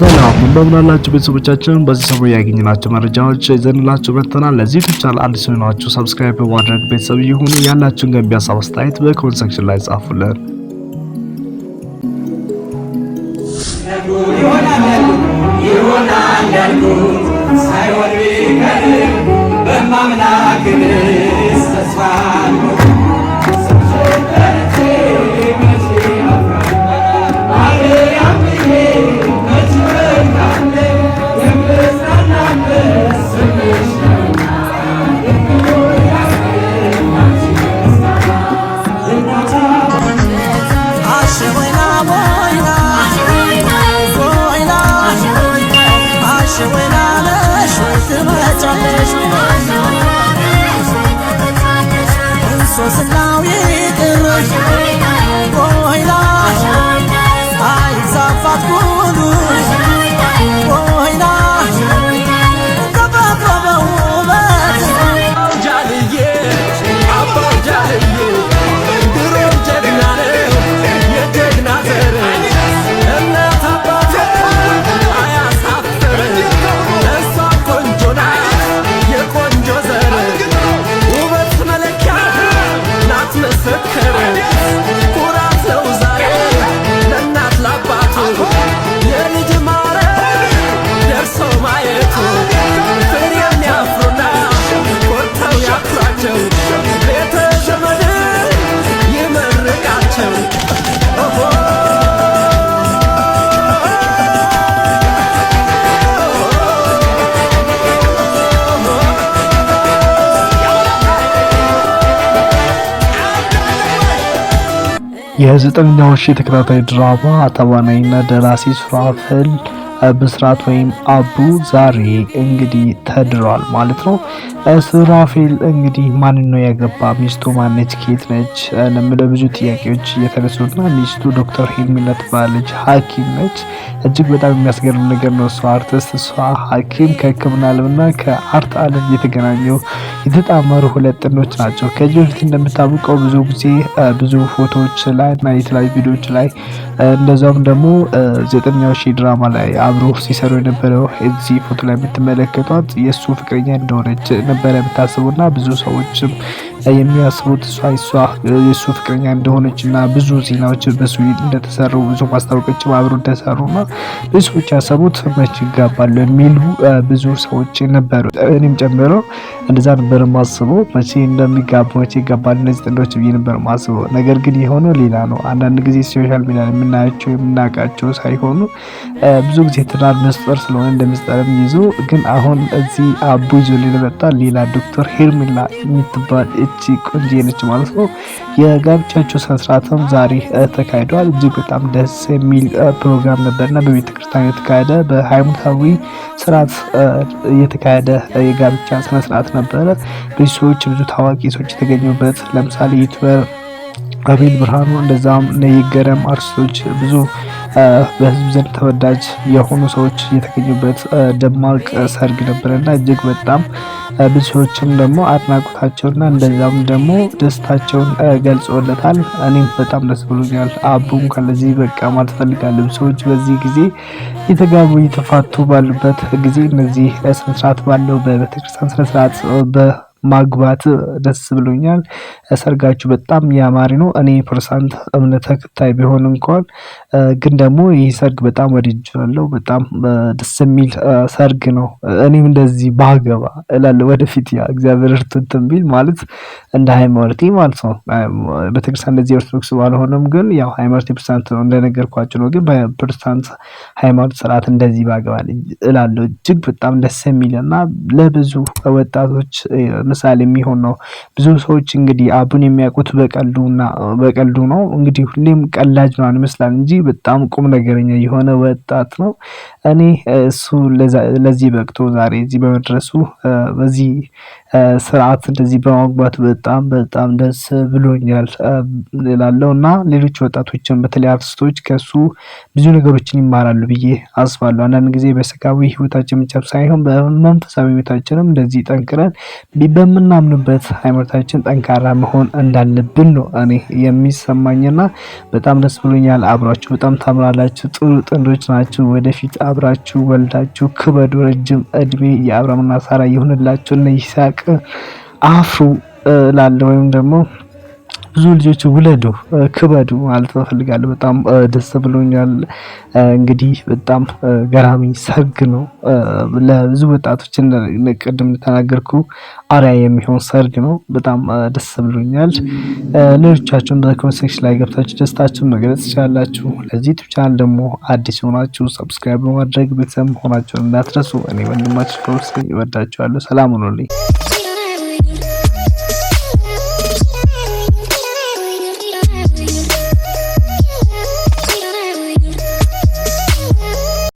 ሰላም እንደምናላችሁ ቤተሰቦቻችን፣ በዚህ ሰሞን ያገኘናቸው መረጃዎች ይዘንላችሁ መጥተናል። ለዚህ ቻናል አዲስ የሆናችሁ ሰብስክራይብ በማድረግ ቤተሰብ ይሁኑ። ያላችሁን ገንቢ ሀሳብ አስተያየት በኮሜንት ሴክሽን ላይ ጻፉልን። ይሆናል ያልኩት ሳይሆን የዘጠነኛው ሺህ ተከታታይ ድራማ ተዋናይና ደራሲ ሱራፌል ብስራት ወይም አቡ ዛሬ እንግዲህ ተድሯል ማለት ነው። ሱራፌል እንግዲህ ማን ነው ያገባ? ሚስቱ ማነች? ኬት ነች? ለምለ ብዙ ጥያቄዎች እየተነሱና ሚስቱ ዶክተር ሄልሚነት ባለች ሐኪም ነች። እጅግ በጣም የሚያስገርም ነገር ነው። እሷ አርቲስት፣ እሷ ሐኪም ከሕክምና ዓለምና ከአርት ዓለም የተገናኙ የተጣመሩ ሁለት ጥንዶች ናቸው። ከዚህ በፊት እንደምታውቀው ብዙ ጊዜ ብዙ ፎቶዎች ላይ እና የተለያዩ ቪዲዮዎች ላይ እንደዛውም ደግሞ ዘጠኛው ሺ ድራማ ላይ አብሮ ሲሰሩ የነበረው እዚህ ፎቶ ላይ የምትመለከቷት የእሱ ፍቅረኛ እንደሆነች ነበረ የምታስቡና ብዙ ሰዎችም የሚያስቡት እሷ እሷ የእሱ ፍቅረኛ እንደሆነች እና ብዙ ዜናዎች በሱ እንደተሰሩ ብዙ ማስታወቂያዎች አብሮ እንደሰሩ እና ብዙ ሰዎች ያሰቡት መች ይጋባሉ የሚሉ ብዙ ሰዎች ነበሩ። እኔም ጨምሮ እንደዛ ነበር ማስበው። መቼ እንደሚጋቡ መቼ ይጋባሉ እነዚህ ጥንዶች ብዬ ነበር ማስበው። ነገር ግን የሆነው ሌላ ነው። አንዳንድ ጊዜ ሶሻል ሚዲያ የምናያቸው የምናውቃቸው ሳይሆኑ ብዙ ጊዜ ትዳር ምስጢር ስለሆነ እንደ ይዞ ግን አሁን እዚህ አቡ ይዞ ሌላ ዶክተር ሄርሚላ የምትባል ያለች ቆንጆ ነች ማለት ነው። የጋብቻቸው ስነስርዓትም ዛሬ ተካሂዷል። እጅግ በጣም ደስ የሚል ፕሮግራም ነበርና በቤተክርስቲያን የተካሄደ በሃይማኖታዊ ስርዓት የተካሄደ የጋብቻ ስነስርዓት ነበረ። ብዙ ሰዎች ብዙ ታዋቂ ሰዎች የተገኙበት ለምሳሌ ዩቱበር አቤል ብርሃኑ እንደዛም ነይገረም አርቲስቶች ብዙ በህዝብ ዘንድ ተወዳጅ የሆኑ ሰዎች የተገኙበት ደማቅ ሰርግ ነበረና እጅግ በጣም ብዙዎችም ደግሞ አድናቆታቸውና እንደዛም ደግሞ ደስታቸውን ገልጾለታል። እኔም በጣም ደስ ብሎኛል። አቡም ከለዚህ በቃ ማለት ፈልጋለሁ። ሰዎች በዚህ ጊዜ የተጋቡ የተፋቱ ባሉበት ጊዜ እነዚህ ስነስርዓት ባለው በቤተክርስቲያን ስነስርዓት ማግባት ደስ ብሎኛል። ሰርጋችሁ በጣም ያማሪ ነው። እኔ ፕሮቴስታንት እምነት ተከታይ ቢሆን እንኳን ግን ደግሞ ይህ ሰርግ በጣም ወድጄዋለሁ። በጣም ደስ የሚል ሰርግ ነው። እኔም እንደዚህ ባገባ እላለሁ ወደፊት ያ እግዚአብሔር እርትትን ቢል ማለት እንደ ሃይማኖቴ ማለት ነው። ቤተክርስቲያን እንደዚህ ኦርቶዶክስ ባልሆነም ግን ያው ሃይማኖቴ ፕሮቴስታንት ነው እንደነገርኳችሁ ነው። ግን በፕሮቴስታንት ሃይማኖት ስርዓት እንደዚህ ባገባ እላለሁ። እጅግ በጣም ደስ የሚል እና ለብዙ ወጣቶች ምሳሌ የሚሆን ነው። ብዙ ሰዎች እንግዲህ አቡን የሚያውቁት በቀልዱና በቀልዱ ነው። እንግዲህ ሁሌም ቀላጅ ነው ይመስላል እንጂ በጣም ቁም ነገረኛ የሆነ ወጣት ነው። እኔ እሱ ለዚህ በቅቶ ዛሬ እዚህ በመድረሱ በዚህ ስርዓት እንደዚህ በማግባት በጣም በጣም ደስ ብሎኛል እላለሁ እና ሌሎች ወጣቶችን በተለይ አርቲስቶች ከሱ ብዙ ነገሮችን ይማራሉ ብዬ አስባለሁ። አንዳንድ ጊዜ በስጋዊ ህይወታችን ብቻ ሳይሆን በመንፈሳዊ ህይወታችንም እንደዚህ ጠንክረን በምናምንበት ሃይማኖታችን ጠንካራ መሆን እንዳለብን ነው እኔ የሚሰማኝና በጣም ደስ ብሎኛል። አብራችሁ በጣም ታምራላችሁ። ጥሩ ጥንዶች ናችሁ። ወደፊት አብራችሁ ወልዳችሁ ክበዱ። ረጅም እድሜ የአብርሃምና ሳራ ይሁንላችሁ። እነ ይሳቅ አፍሩ ላለ ወይም ደግሞ ብዙ ልጆች ውለዱ፣ ክበዱ ማለት እፈልጋለሁ። በጣም ደስ ብሎኛል። እንግዲህ በጣም ገራሚ ሰርግ ነው። ለብዙ ወጣቶች ቅድም እንደተናገርኩ አሪያ የሚሆን ሰርግ ነው። በጣም ደስ ብሎኛል። ሌሎቻችሁን በኮሜንት ላይ ገብታችሁ ደስታችሁን መግለጽ ትችላላችሁ። ለዚህ ዩቲዩብ ቻናል ደግሞ አዲስ ሆናችሁ ሰብስክራይብ በማድረግ ቤተሰብ መሆናችሁን እንዳትረሱ። እኔ ወንድማችሁ ከውስጥ ይወዳችኋለሁ። ሰላም ሁኑልኝ።